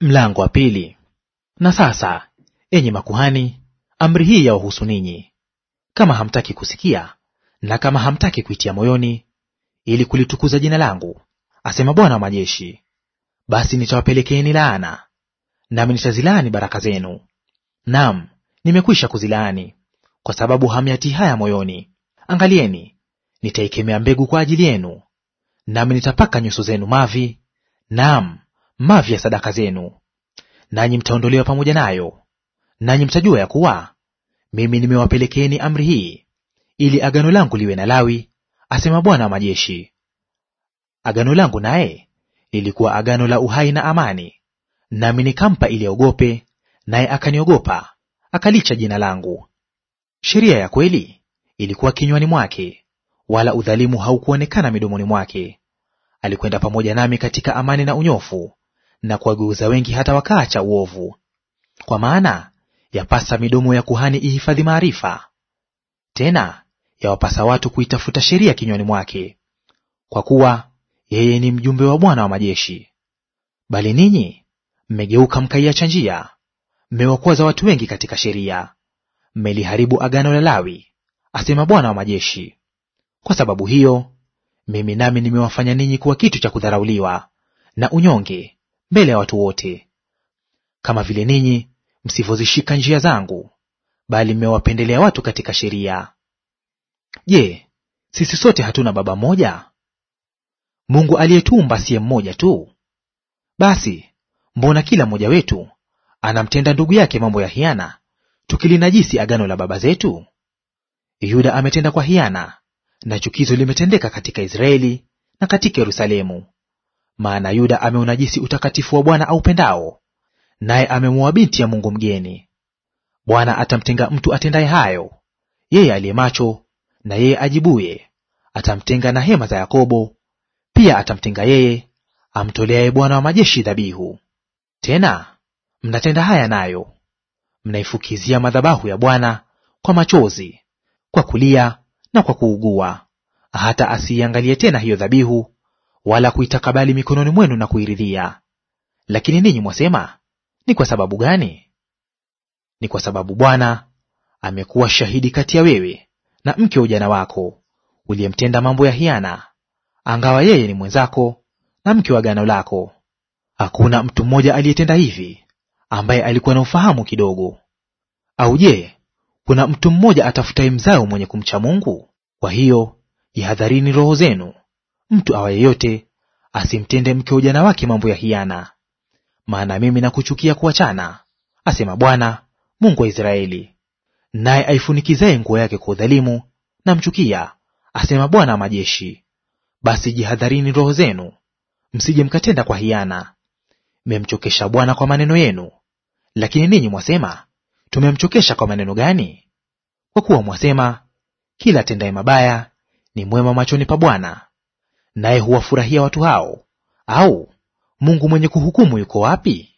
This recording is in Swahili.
Mlango wa pili. Na sasa, enyi makuhani, amri hii yawahusu ninyi, kama hamtaki kusikia na kama hamtaki kuitia moyoni, ili kulitukuza jina langu, asema Bwana wa majeshi, basi nitawapelekeeni laana, nami nitazilaani baraka zenu. Naam, nimekwisha kuzilaani, kwa sababu hamyatii haya moyoni. Angalieni, nitaikemea mbegu kwa ajili yenu, nami nitapaka nyuso zenu mavi, naam mavi ya sadaka zenu, nanyi mtaondolewa pamoja nayo, nanyi mtajua ya kuwa mimi nimewapelekeeni amri hii, ili agano langu liwe na Lawi, asema Bwana wa majeshi. Agano langu naye lilikuwa agano la uhai na amani, nami nikampa ili aogope, naye akaniogopa, akalicha jina langu. Sheria ya kweli ilikuwa kinywani mwake, wala udhalimu haukuonekana midomoni mwake. Alikwenda pamoja nami katika amani na unyofu, na kuwageuza wengi hata wakaacha uovu. Kwa maana yapasa midomo ya kuhani ihifadhi maarifa, tena yawapasa watu kuitafuta sheria kinywani mwake, kwa kuwa yeye ni mjumbe wa Bwana wa majeshi. Bali ninyi mmegeuka mkaiacha njia, mmewakwaza watu wengi katika sheria, mmeliharibu agano la Lawi, asema Bwana wa majeshi. Kwa sababu hiyo mimi nami nimewafanya ninyi kuwa kitu cha kudharauliwa na unyonge mbele ya watu wote, kama vile ninyi msivyozishika njia zangu, bali mmewapendelea watu katika sheria. Je, sisi sote hatuna baba mmoja? Mungu aliyetuumba siye mmoja tu? Basi mbona kila mmoja wetu anamtenda ndugu yake mambo ya hiana, tukilinajisi agano la baba zetu? Yuda ametenda kwa hiana, na chukizo limetendeka katika Israeli na katika Yerusalemu maana Yuda ameunajisi utakatifu wa Bwana aupendao, naye amemwoa binti ya Mungu mgeni. Bwana atamtenga mtu atendaye hayo, yeye aliye macho na yeye ajibuye, atamtenga na hema za Yakobo, pia atamtenga yeye amtoleaye Bwana wa majeshi dhabihu. Tena mnatenda haya nayo, mnaifukizia madhabahu ya Bwana kwa machozi, kwa kulia na kwa kuugua, hata asiiangalie tena hiyo dhabihu wala kuitakabali mikononi mwenu na kuiridhia. Lakini ninyi mwasema, ni kwa sababu gani? Ni kwa sababu Bwana amekuwa shahidi kati ya wewe na mke wa ujana wako, uliyemtenda mambo ya hiana, angawa yeye ni mwenzako na mke wa agano lako. Hakuna mtu mmoja aliyetenda hivi ambaye alikuwa na ufahamu kidogo. Au je, kuna mtu mmoja atafutaye mzao mwenye kumcha Mungu? Kwa hiyo jihadharini roho zenu, Mtu awa yeyote asimtende mke wa ujana wake mambo ya hiana, maana mimi nakuchukia kuachana, asema Bwana Mungu wa Israeli. Naye aifunikizaye nguo yake kwa udhalimu namchukia, asema Bwana wa majeshi. Basi jihadharini roho zenu, msije mkatenda kwa hiana. Mmemchokesha Bwana kwa maneno yenu. Lakini ninyi mwasema, tumemchokesha kwa maneno gani? Kwa kuwa mwasema, kila atendaye mabaya ni mwema machoni pa Bwana, naye huwafurahia watu hao? Au Mungu mwenye kuhukumu yuko wapi?